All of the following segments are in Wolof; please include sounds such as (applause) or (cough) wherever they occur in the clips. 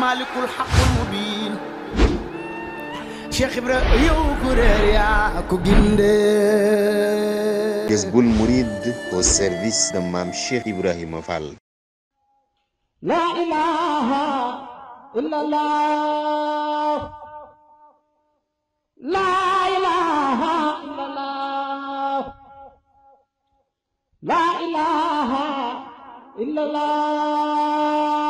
مالك الحق المبين شيخ برا يوكر يا كوجند جزبول مريد هو سيرفيس دمام شيخ ابراهيم فال لا اله الا الله لا اله الا الله لا اله الا الله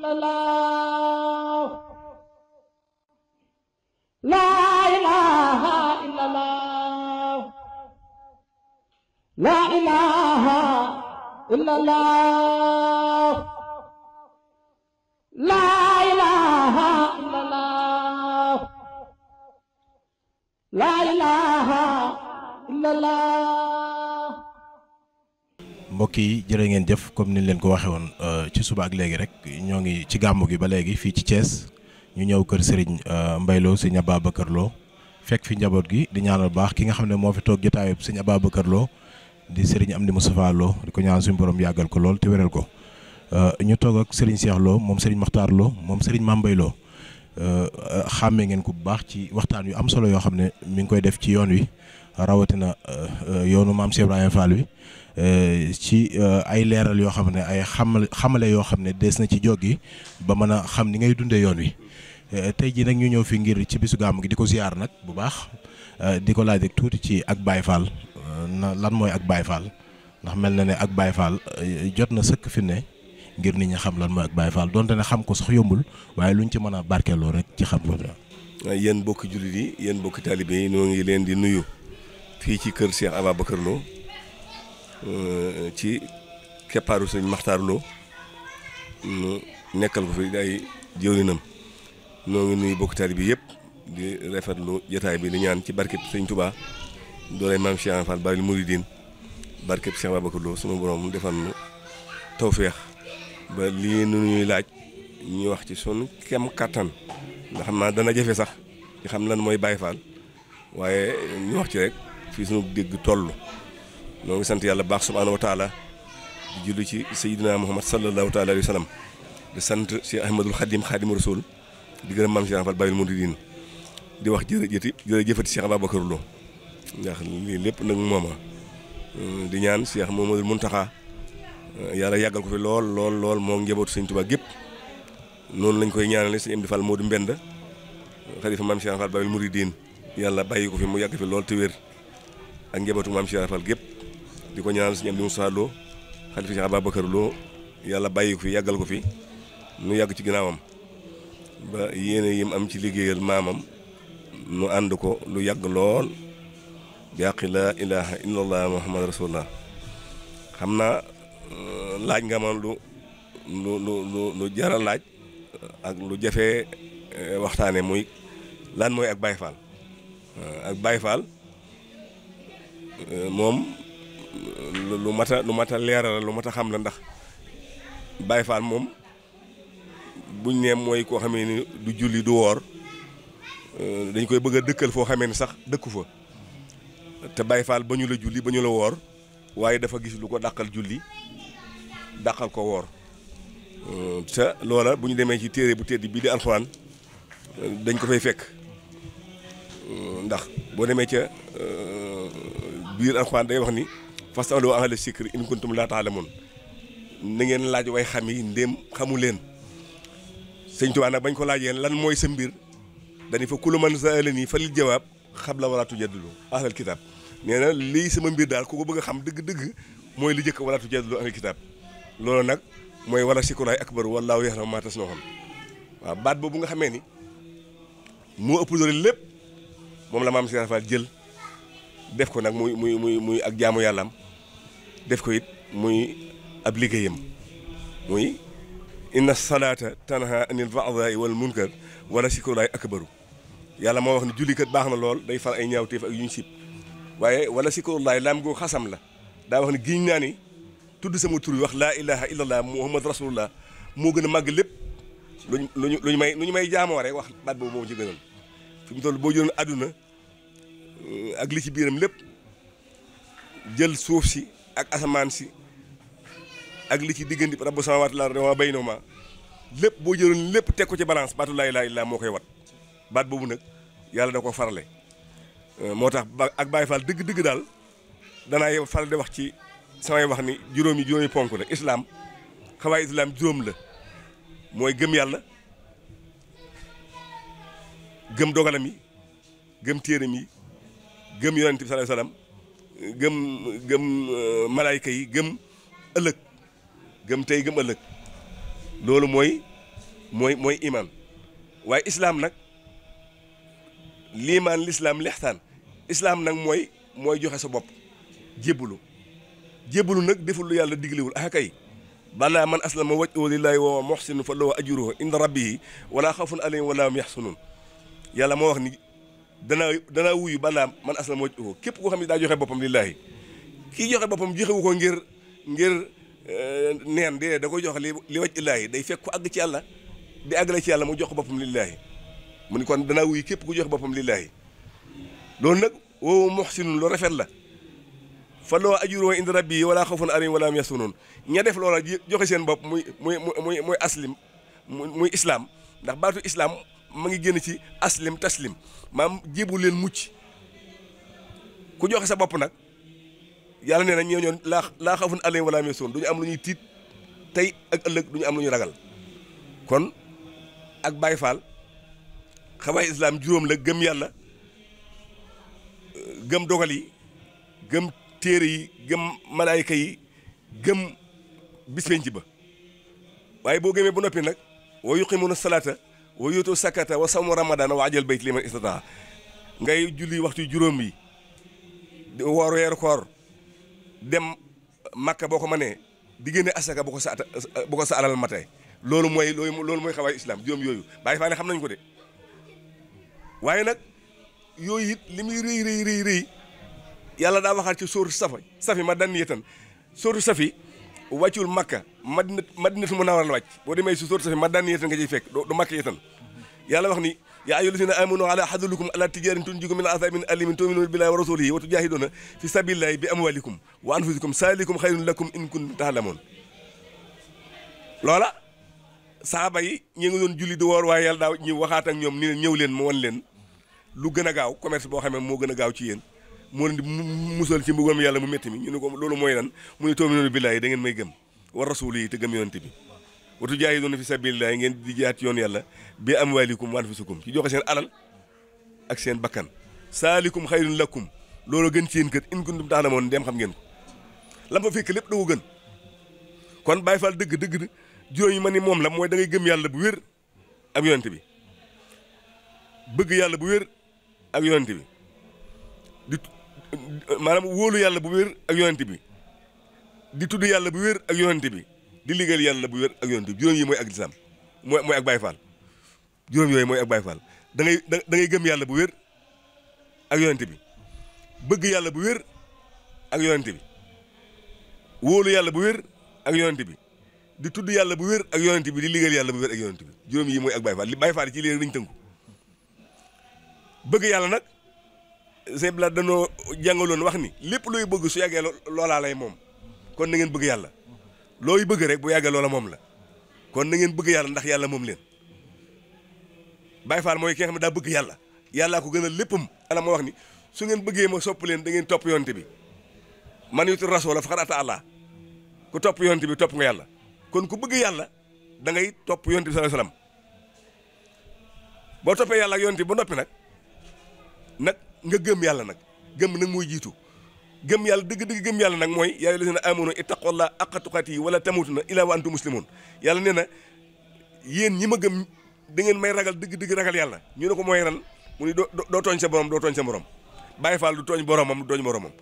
إلا الله لا إله إلا الله لا إله إلا الله لا إله إلا الله لا إله إلا الله mbokk yi jërë ngeen jëf comme ni ñu leen ko waxee woon ci suba ak léegi rek ñoo ngi ci gàmmu gi ba léegi fii ci cees ñu ñëw kër Serigne euh, mbayloo Lo Serigne Ababacar Lo fekk fi njaboot gi di ñaanal baax ki nga xam ne moo fi toog jotaayub Serigne Ababacar Lo di Serigne Amdi Moustapha Lo di ko ñaan suñu borom yàggal ko lool te wéral ko euh, ñu toog ak Serigne Cheikh moom Serigne Makhtar Lo moom Serigne Mame Mbaye Lo euh, xàmmee ngeen ko bu baax ci waxtaan wi am solo yoo xam ne mi ngi koy def ci yoon wi rawatina yoonu maam Cheikh Ibrahima Fall wi Euh, ci euh, ay leeral yoo xam ne ay xamal xamale yoo xam ne des na ci joggi ba mën a xam ni ngay dundee yoon wi euh, tey jii nag ñu ñëw fi ngir ci bisu gàmm gi di ko ziar nag bu baax di ko laaj rek tuuti ci ak Baye Fall na lan mooy ak Baye Fall ndax mel na ne ak Baye Fall jot na sëkk fi ne ngir nit ñi xam lan mooy ak Baye Fall donte ne xam ko sax yombul waaye luñ ci mën a barkeeloo rek ci xam ko. yéen bokki jullit yi yéen bokki taalibe yi ñoo ngi leen di nuyu fii ci kër Cheikh Ababacar Lo Euh, ci keppaaru sëñ Maxtaar Lo nu nekkal ko fi ay jëwrinam noo ngi nuyu bokk taalibe bi yëpp di rafetlu jotaay bi di ñaan ci barkeb sëñ Touba doole maam Cheikh Fall Baay Muridiin barkeb Cheikh Babacar Lo sunu borom defal nu tawféex ba lii nu ñuy laaj ñuy wax ci sunu kem kàttan nga xam naa dana jafe sax ci xam lan mooy Baay Faal waaye ñu wax ci rek fii sunu dégg toll. noo sant yàlla baax subhaanahu wa taala ci sayyidina muhammad sallallahu taala alayhi wa sallam di sant Cheikh Ahmadul di gërëm maam Cheikh Fall di wax jërëjëti jërëjëfati Cheikh Ababacar Lo ndax lii lépp nag mooma di ñaan Cheikh Mamadou Muntaxa yàlla yàggal ko fi lool lool lool moom njabootu sëñ Tuubaa gépp noonu lañ koy ñaanale sëñ Amdi Fall Modou Mbenda xalifa maam Cheikh Fall Babil Mouridine yàlla bàyyi ko fi mu yàgg fi lool te wér ak njabootu maam Cheikh Fall gépp di ko ñaanal sëñ Abdou Moussa Lo xalifa sëñ Ababacar Lo yàlla bàyyi fi yàggal ko fi nu yàgg ci ginaawam ba yim am ci liggéeyal maamam nu ànd ko lu yàgg lool bi àqi laa ilaha illallah muhammad rasulullah xam na euh, laaj nga ma lu lu lu lu jara laaj ak lu jafee euh, waxtaane muy lan mooy ak Baye Fall euh, ak Baye Fall moom lu mat a lu mat a leeral lu mat a xam la ndax Baye Fall moom buñ nee mooy koo xamee ni du julli du woor euh, dañ koy bëgg a dëkkal foo xamee ni sax dëkku fa te Baye Fall ba ñu la julli ba ñu la woor waaye dafa gis lu ko dàqal julli dàqal ko woor euh, te loola bu ñu demee ci téere bu tedd bii di alxuraan euh, dañ ko fay fekk ndax boo demee ca biir alxuraan day wax ni fasalu ahla zikri in kuntum laa ta'lamuun na ngeen laaj way xam yi ndéem xamu leen sëñ Tuubaa nag bañ ko laajee lan mooy sa mbir dañu fa kullu man sa'alanii falil jawaab qabla walaa tujaddilu ahlal kitaab lii sama mbir daal ku ko bëgg a xam dëgg-dëgg mooy li jëkk walaa tujaddilu ahlal kitaab loolu nag mooy wala sikuraay akbar wallaahu ya'lamu maa tasna'uun waaw baat boobu nga xamee ni moo ëpp doole lépp moom la maam si rafal jël def ko nag muy muy muy muy ak jaamu yàllaam def ko it muy ab liggéeyam muy inna salata tanha anil baadaai wal munkar wala sikolaay akbaru yàlla mo wax ni julli kat baxna lol day fal ay ñaawteef ak yuñ sib waaye wala sikolaay lam go xasam la da wax ni giñ naa ni tudd sama tur wax la ilaha illallah muhammad rasulullah mo gëna mag lépp luñ luñ may luñ may jamo rek wax bat bo moo ci gënal fi mu toll bo jëloon aduna ak li ci biram lépp jël suuf ci ak asamaan si ak li ci digganti diggante rabbu samaawaati wal waa wa maa baynahumaa lépp boo jëloon lépp teg ko ci balance baatu laa ilaaha moo koy wat baat boobu nag yàlla da ko farale euh, moo tax ak Baay Faal digg dëgg daal danaa yow faral di wax ci samay wax ni juróomi yi ponk la islaam xawaay islaam juróom la mooy gëm yàlla gëm dogalam yi gëm téeram yi gëm yonent bi sallallahu alayhi gëm gëm euh, malaayka yi gëm ëllëg gëm tey gëm ëllëg loolu mooy mooy mooy imaan waaye islaam nag liimaan lislaam lextaan islaam nag mooy mooy joxe sa bopp jébbalu jébbalu nag deful yàlla diglewul ah kay balaa man aslama wajhu lillaahi wa huwa muhsinun falahu ajruhu inda rabbihi wala xawfun alayhim wala hum yaxsunun yàlla moo wax ni danaa danaa wuyu balaa man aslam waj képp koo xam ne daa joxe boppam lillaahi kii joxe boppam joxewu ko ngir ngir eh, neen de da koy jox li li waj day fekk ku àgg ci yàlla di àggale ci yàlla mu jox ko boppam lillaahi mu ni kon dana wuyu képp ku joxe boppam lillaahi loolu nag woowu muhsinun lu rafet la fa loo ajuroo indi rabbi yi wala xawfun alayhim wala hum yahzanun ña def loola joxe seen bopp muy muy muy muy aslim muy islaam ndax baatu islaam ma ngi génn ci aslim taslim maam jébu leen mucc ku joxe sa bopp nag yàlla nee na ñoo ñoon laa laa xawfun alayhim wala hum du ñu am lu ñuy tiit tey ak ëllëg du ñu am lu ñuy ragal kon ak Baay Faal xabaay islaam juróom la gëm yàlla gëm dogal yi gëm téere yi gëm malaayka yi gëm bis ba waaye boo gëmee ba noppi nag wa yuqimuna salaata wa yóotu sakata wa samu ramadaan wa ajal bayt liman istata ngay julli waxtu juróom yi woor weeru koor dem makka boo ko mënee di génne asaka boo ko sa bu ko sa alal matee loolu mooy loolu mooy xawaay islaam juróom yooyu bàyyi faa ne xam nañ ko de waaye nag yooyu it li muy rëy rëy yàlla daa waxaat ci sóoru safa safi ma dan yetan sóoru safi wàccul makka madina madinatu munawwara a wàcc boo demee si sóoru safi ma dan yetan nga ciy fekk du makka yetan يلا وحني يا أيها الذين آمنوا على أحد ألا تجار تنجيكم من عذاب من ألي من بالله ورسوله وتجاهدون في سبيل الله بأموالكم وأنفسكم سالكم خير لكم إن كنتم تعلمون لولا صحابي يعودون جلي دوار ويل دا وخات نيوم نيولين مون لين لو غنا غاو كوميرس بو خامي مو غنا غاو تي يين مون موسول تي مبوغام يالا مو ميتي لولو موي لان مو بالله دا نين ورسوله تي گم watu jaahiduuna fi sabilillahi ngeen di jaat yoon yàlla bi amwaalikum wa anfusikum ci joxe seen alal ak seen bakkan saalikum xayrun lakum loolu gën ci yéen kër in kuntum taalamoon dem xam ngeen ko lam fa fekk lépp da ko gën kon Baay Faal dëgg dëgg juróom yi ma ni moom la mooy da ngay gëm yàlla bu wér ak yonent bi bëgg yàlla bu wér ak yonent bi di maanaam wóolu yàlla bu wér ak yonent bi di tudd yàlla bu wér ak yonent bi di liggéeyal yàlla bu wér ak yonent bi juróom yi mooy ak mooy mooy ak juróom yooyu mooy ak Baay Faal da yàlla bu wér ak yonent bi bëgg yàlla bu wér ak yonent bi wóolu yàlla bu wér ak yonent bi di tudd yàlla bu wér ak yonent bi di liggéeyal yàlla bu wér ak yonent bi juróom yi mooy ak Baay Faal li Baay Faal yi ci léegi dañu tënku bëgg yàlla nag c'est la danoo jàngaloon wax ni lépp looy bëgg su yàggee loolaa moom kon na bëgg yàlla looy bëgg rek bu yàggee loola moom la kon nangeen ngeen bëgg yàlla ndax yàlla moom leen Baye Fall mooy ki xam ne daa bëgg yàlla yàllaa ko gën a léppam ala ma wax ni su ngeen bëggee ma sopp leen da ngeen topp yonte bi man yuti rasoola faqad ata Allah ku topp yonte bi topp nga yàlla kon ku bëgg yàlla dangay topp yonte bi sallallahu alayhi boo toppee yàlla ak yonte bi ba noppi nag nag nga gëm yàlla nag gëm nag mooy jiitu gëm yàlla dëgg-dëgg gëm yàlla nag mooy yaa ayyuhallazina amanu ittaqullaha haqqa tuqaatihi wala tamutunna illa wa antum muslimun yàlla nee na yéen ñi ma gëm da ngeen may ragal dëgg-dëgg ragal yàlla ñu ne ko mooy ran mu ni doo doo tooñ sa borom doo tooñ sa borom Baye Fall du dooñ boromam du dooñ boromam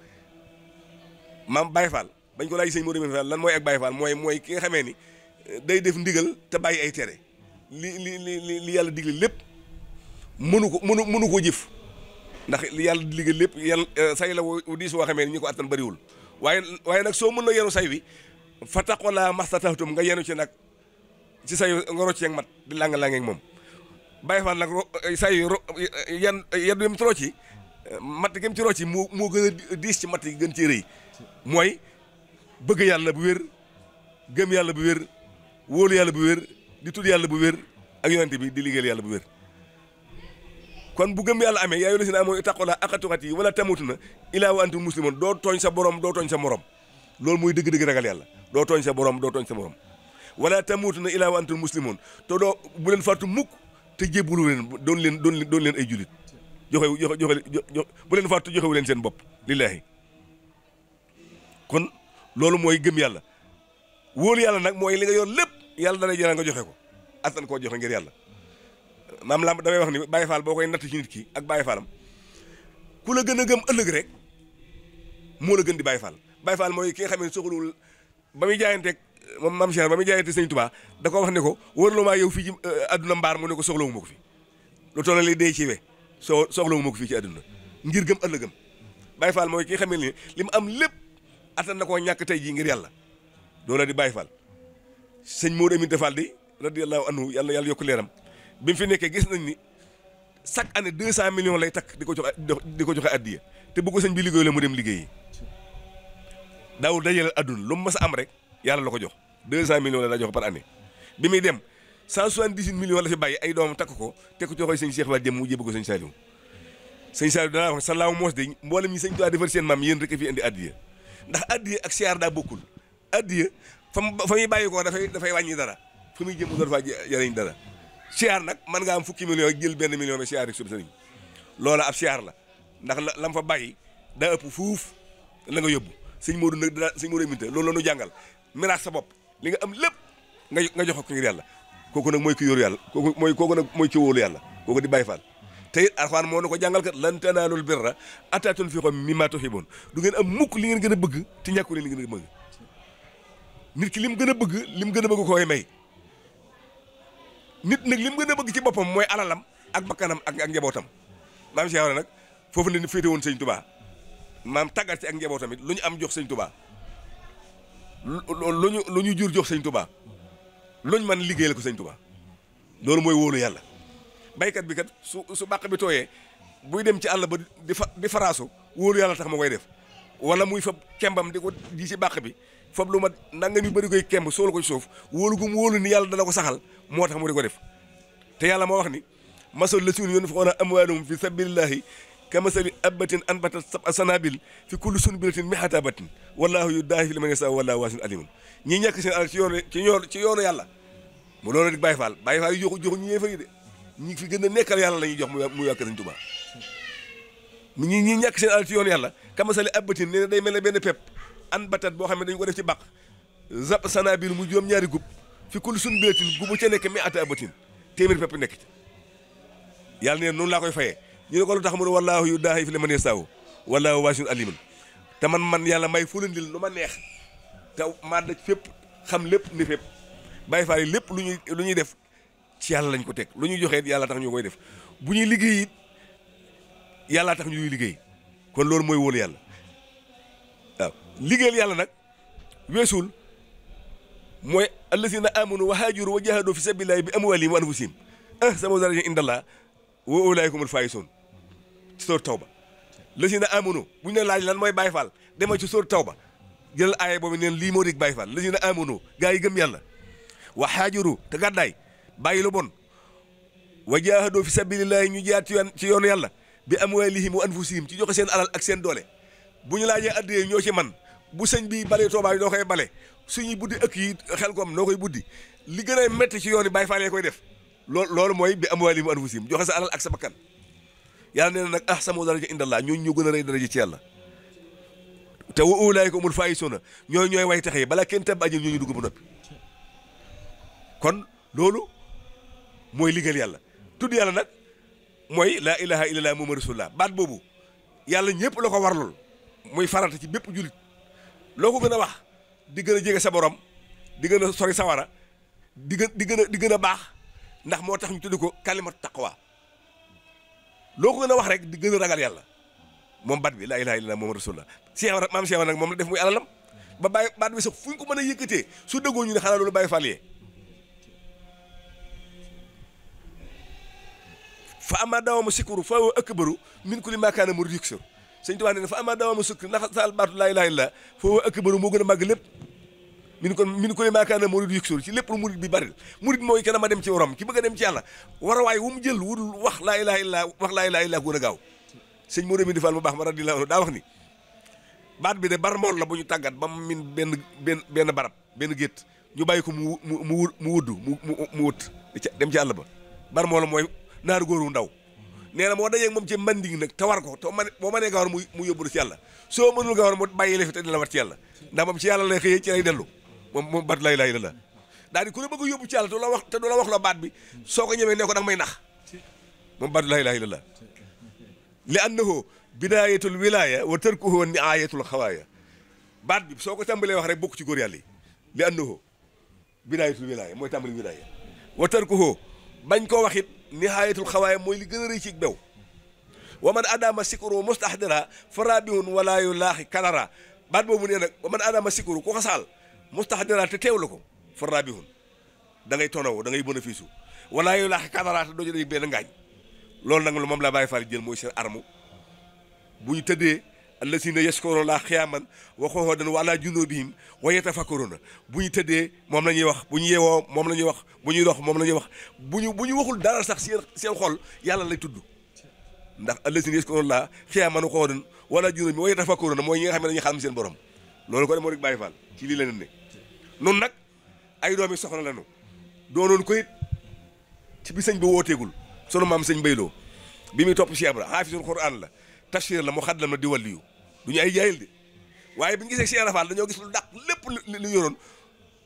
maam Baye Fall bañ ko laaj sëñ Modou Fall lan mooy ak Baye Fall mooy mooy ki nga xamee ni eh, day def ndigal te bàyyi ay tere li li li li yàlla digle lépp mënu ko mënu mënu ko jëf ndax yalla ligue lepp yalla euh, say la wu diis woo xamee ni ko attan bëriwul waaye waaye nag soo mën na yenu say wi fataqala taqolaa mastatahtum nga yenu ci nak ci say nga rocc ak mat di lang ak mom bàyyi fan nak say yan yan dem trop ci matt gëm ci rocci mo moo gën diis ci mat yi gën ci reuy moy bëgg yalla bu wër gëm yalla bu wër wóolu yalla bu wër di tud yalla bu wër ak yonente bi di ligël yalla bu wër kon bu gëm yàlla amee yaa ayyuhal lazina aamanu ittaqullaaha haqqa tuqaatihi wa laa tamuutunna illaa wa antum muslimuun doo tooñ sa borom doo tooñ sa morom loolu muy dëgg-dëgg ragal yàlla doo tooñ sa borom doo tooñ sa morom wala na illaa wa antum muslimuun te doo bu leen fàttu mukk te jébbalu leen doon leen doon doon leen ay julit joxe joxe joxe bu leen fàttu joxewu leen seen bopp lillaahi kon loolu mooy gëm yàlla wóolu yàlla nag mooy li nga yor lépp yàlla dana jëlaat nga joxe ko attan koo joxe ngir yàlla maam lamb damay wax ni Baye Fall boo koy natt ci nit ki ak Baye Fallam ku la gën a gëm ëllëg rek moo la gën di Baye Fall Baye Fall mooy ki nga xam ne ba muy jaayanteeg eh, moom maam Cheikh ba muy jaayante Sëñ Tuubaa da ko wax ne ko wërloo maa yow fii ci àdduna eh, mbaar mu ko soxlawu ma lu toll li dee ci we soo soxlawu ma ngir gëm ëllëgëm Baye Fall mooy ki xam ne li mu am lépp attan na koo ñàkk tey jii ngir yàlla doo la di Baye Fall sëñ Modou Aminta Fall di radiyallahu anhu yàlla yàlla yokk leeram bi mu fi nekkee gis nañ ni chaque année deux cent million lay takk di ko jox di ko joxe addiya te bu ko sëñ bi liggéey la mu dem liggéey liggéeyi daawul dajale adduna lu mu mas a am rek yàlla la ko jox deux cent millions la daa jox par année bi muy dem cent soixante-dix-huit millions la fi bàyyi ay doomam takk ko te ko joxoy sëñ Cheikh waa jëm mu jébb ko sëñ Saliou sëñ Saliou danaa wax sa laaw moos de mboolem ñi sëñ Tuubaa defar seen maam yéen rek a fi indi addiya ndax addiya ak siyaar daa bokkul addiya fa mu fa muy bàyyi ko dafay dafay wàññi dara fa muy jëm mu doon faa jëriñ siyaar nag man nga am fukki million jël benn million bi siyaar rek sub sëriñ loola ab siyaar la ndax la lam fa bàyyi daa ëpp fuuf la nga yóbbu sëñ Modou nag dina sëñ Modou Aminta loolu la ñu jàngal miraas sa bopp li nga am lépp nga nga jox ko ngir yàlla kooku nag mooy ki yóoru yàlla kooku mooy kooku nag mooy ki yàlla kooku di bay Faal te it Alxuraan moo na ko jàngal kat lan tanaalul birra hattaa tunfiqu mimmaa tuhibbuun du ngeen am mukk li ngeen gën a bëgg te ñàkku leen li ngeen gën a bëgg nit ki lim gën a bëgg lim gën a bëgg koy may nit nag li mu gën a bëgg ci boppam mooy alalam ak bakkanam ak ak njabootam maam Cheikh Ibra nag foofu la ñu féete woon sëñ Touba maam tàggat si ak njabootam it lu ñu am jox sëñ Touba lu ñu lu ñu jur jox sëñ Touba lu ñu man liggéeyal ko sëñ tubaa loolu mooy wóolu yàlla baykat bi kat su su bàq bi tooyee buy dem ci àll ba di di faraasu wóolu yàlla tax ma koy def. wala muy fab kembam di ko di ci bàq bi fab lu ma nanga mi bëri koy kemb soolu ko ci suuf wóolu gum wóolu ni yàlla dana ko saxal moo tax mu di ko def te yàlla moo wax ni masal la siun yoon fa oon a amwaalum fi sabilillahi kamasali abbatin anbatat sab'a sanabil fi kulli sunbilatin mihata batin wallahu yudaafi liman yasaa wallahu waasiun alimun ñi ñàkk seen alal ci yoonu ci ci yoonu yàlla mu loolu di Baay Faal Baay Faal yu joxu joxu ñu de ñi fi gën a nekkal yàlla la ñuy jox mu mu ñi ñàkk seen alal ci yoonu yàlla kamasali abbatin nee na day mel ne benn pepp an batat boo xam ne dañu ko def ci bàq zap sanabil mu juróom-ñaari gub fi kul sun béetin gubu ca nekk mi ata abbatin téeméeri pepp nekk ci yàlla nee noonu laa koy fayee ñu ne ko lu tax mu ne wallaahu yu daahi fi la man yasaaw wallaahu waasiun alimun te man man yàlla may fulandil lu ma neex te maa daj fépp xam lépp ni fépp bàyyi faale lépp lu ñuy lu ñuy def ci yàlla lañ ko teg lu ñuy joxe yàlla tax ñu koy def yàllaa tax ñuy liggéey kon loolu mooy wóolu yàlla liggéey liggéeyal yàlla nag weesul mooy allazina amanu wa haajaru wa jahadu fi sabilillahi bi amwalihim wa anfusihim ahsanu daraja indallah wa ulaikumul faizun ci sóor tawba lazina amanu bu ñu la laaj lan mooy Baay Faal demal ci sóor tawba jëlal aaya boobu neen lii moo dig Baay Faal lazina amanu gaa yi gëm yàlla wa haajaru te gàddaay bàyyi lu bon wa jahadu fi sabilillahi ñu jaat ci yoon yàlla bi amwaalihim wa anfusihim ci joxe seen alal ak seen doole bu ñu laajee addiyee ñoo ci man bu sëñ bi bale Tuubaa yi noo koy bale suñuy buddi ëkk yi xel koom noo koy buddi li gën a métti ci yoon yi Baay Faal yi koy def loolu loolu mooy bi amwaalihim wa anfusihim joxe sa alal ak sa bakkan yàlla nee na nag ahsanu daraja indallaa ñooñu ñoo gën a rëy daraja ci yàlla te wa ulaayka humul faa'izuuna ñooy ñooy way taxe balaa kenn tabb ajjal ñooñu dugg ba noppi kon loolu mooy liggéeyal yàlla tudd yàlla nag mooy laa ilaha illallah moom rasulullah baat boobu yàlla ñëpp la ko warlul muy farata ci bépp jullit loo ko gën a wax di gën a jege sa borom di gën a sori sawara di di gën a di gën a baax ndax moo tax ñu tudd ko kalimatu taqwa loo ko gën a wax rek di gën a ragal yàlla moom baat bi laa ilaha illallah muhammad rasulullah Cheikh Ibra maam Cheikh nag moom la def muy alalam ba bàyyi baat bi sax fu ñu ko mën a yëkkatee su dëggoo ñu ne xanaa loolu bàyyi fàllyee fa ama dawama sikuru fa wa akbaru min kulli maakaana mu yuksaru sëñ Tuubaa nee na fa ama dawama sikuru ndax saal baatu laa ilaaha illallaah fa wa akbaru moo gën a màgg lépp min kon min kulli maakaana murid yuksaru ci lépp lu murid bi bari murid mooy kenn ma dem ci worom ki bëgg a dem ci yàlla warawaay wu mu jël wudul wax laa ilaaha illallaah wax laa ilaaha illallaah gën a gaaw sëñ Moodu Mindi Fall mu baax ma radiyallaahu anhu daa wax ni baat bi de barmoon la bu ñu tàggat ba mu min benn benn benn barab benn gétt ñu bàyyi ko mu mu mu mu wuddu mu mu wut dem ci àll ba barmoon la mooy naar goru ndaw neena mo dajé mom ci manding nak tawar ko to bo mané gawar mu yobul ci yalla so mënul gawar mu bayyi lefi té la wat ci yalla ndam mom ci yalla lay xey ci lay delu mom mom bat lay lay la da di ku ne bëgg yobbu ci yalla to la wax te do la wax la bat bi soko ñëmé ne ko dang may nax mom bat lay lay la li annahu bidayatul wilaya wa tarkuhu ni'ayatul khawaya bat bi soko tambalé wax rek bokku ci gor yalla li annahu bidayatul wilaya moy tambali wilaya wa tarkuhu bañ ko waxit nihaayatul xawaay mooy li gën a ci bew wa man adama sikuru mustahdira farabihun wala yu laaxi kalara baat boobu nee nag wa man adama sikuru ku xasaal mustahdira te teewlu ko farabihun da ngay tonaw da ngay bénéfice u wala yu laaxi kalara te doo ci benn ngaañ loolu nag lu moom la bàyyi faal jël mooy seen arme bu ñu tëddee الذين يشكرون الله خياما وخوفا وعلى جنوبهم ويتفكرون بني تدي مام لا نيوخ بني ييو مام لا نيوخ بني روخ مام لا نيوخ بني بني وخول دارا صاح سين خول يالا لا تودو ndax الذين يشكرون الله خياما وخوفا وعلى جنوبهم ويتفكرون موي نيغا خامل نيي خام سين بروم لول كو مو ريك باي فال تي لي لا نني نك اي رومي سخنا لا نو دونون كو تي سنج بي ووتيغول سونو مام بيلو بيمي توب شيبرا حافظ القران لا تشير لما خدم ديواليو du ñu ay jaayil de waaye bi ñu gisee Cheikh Rafal dañoo gis lu dàq lépp lu lu yoroon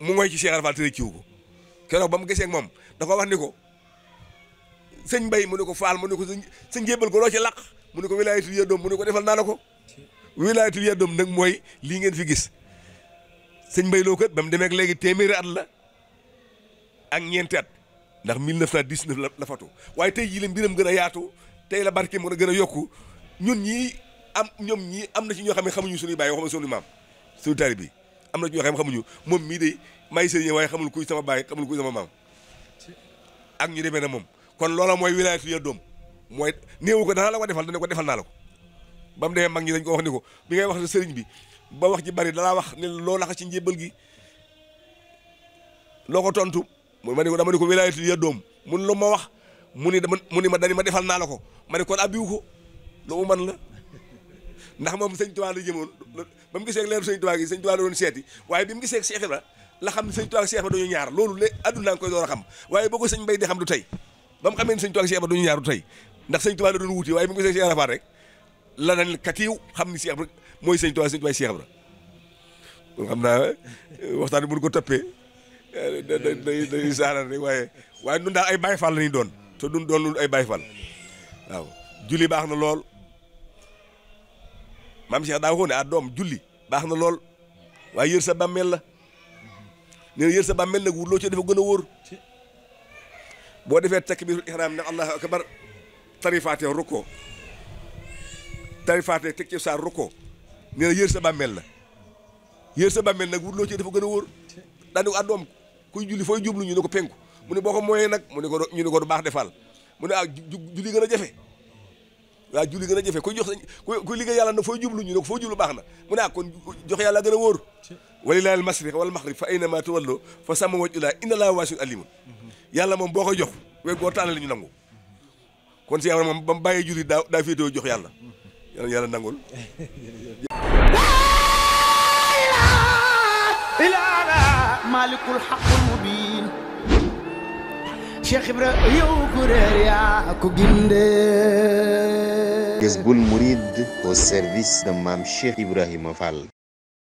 mu ngoy ci Cheikh Rafal te rëcciwu ko keroog ba mu gisee moom da ko wax ni ko sëñ Mbay mu ne ko Faal mu ne ko sëñ jébbal ko loo ci làq mu ne ko wilaayatul yaddoom mu ne ko defal naa ko wilaayatul yaddoom nag mooy lii ngeen fi gis sëñ Mbay loo kat ba mu demee ak léegi téeméeri at la ak ñeenti at ndax 1919 la la fatu waaye tey jii la mbiram gën a yaatu tey la barkeem gën a yokku ñun ñii. am ñoom ñii am na ci ñoo xam ne xamuñu suñuy bàyyi waxuma suñu maam suñu taari bi am na ci xam xamuñu moom mii de may sëriñ waaye xamul kuy sama bàyyi xamul kuy sama maam ak ñu demee na moom kon loola mooy wilaayatu ya doom mooy néewu ko danaa la ko defal dana ko defal naa la ko ba mu demee mag ñi ko wax ni ko ngay wax ne sëriñ bi ba wax ji bari dalaa wax ne loo laxa ci njébbal gi ko tontu mu ma ne ko dama ne ko wilaayatu ya doom mun lu ma wax mu ni dama mu ni ma dani ma defal naa la ko ma ne kon abbiwu ko lu man la ndax moom sëñ Tuubaa la jëmoon ba mu gisee leeru sëñ Tuubaa gi sëñ Tuubaa la doon seeti waaye bi mu gisee Cheikh Ibra la xam ne sëñ Tuubaa Cheikh Ibra dañu ñaar loolu lé adduna nga koy door a xam waaye boo ko sëñ Mbay di xam du tey ba mu xamee ne sëñ Tuubaa Cheikh Ibra dañu ñaar du tey ndax sëñ Tuubaa la doon wuti waaye bi mu gisee Cheikh Ibra rek la nañ katiiw xam ni Cheikh Ibra mooy sëñ Tuubaa sëñ Tuubaa Cheikh Ibra kon xam naa eh, waxtaan bu ñu ko toppee eh, da da day saaraan rek waaye waaye ñun daal ay Baay Faal la ñuy doon te duñ doon ay Baay Faal waaw julli baax na lool maam Cheikh daa waxoon ne ah, doom julli baax na lool waaye yër sa bàmmeel la nee na yër sa bàmmeel nag loo ci dafa gën a wóor boo defee takbirul ihram ne allahu akbar tarifaate rukkoo tarifaate teg ci saa rukkoo nee yër sa bàmmeel la yër sa bàmmeel nag loo ci dafa gën a wóor daane ko ah, doom kuy julli fooy jublu ñu ne ko penku mu ne boo ko mooyee nag mu ne ko ñu ne ko du baax defal mu ne ah julli gën a jafe waaw julli gën a jëfe jox sañ kuy liggéey yàlla na fooy jublu ñu ne ko foo jublu baax na mu ne ah kon jox yàlla gën a wóor walilahi al masriq wal maghrib fa aynama tuwallu fa moom boo koy jox wéy boo tànn la ñu nangu kon moom ba mu bàyyee julli daa daa féetoo jox yàlla yàlla yàlla nangul (laughs) ilaana malikul haqqul mubin Cheikh Ibra yow ku réer yaa ko gindee Jazboul Mouride au service de Mame Cheikh Ibrahima Fall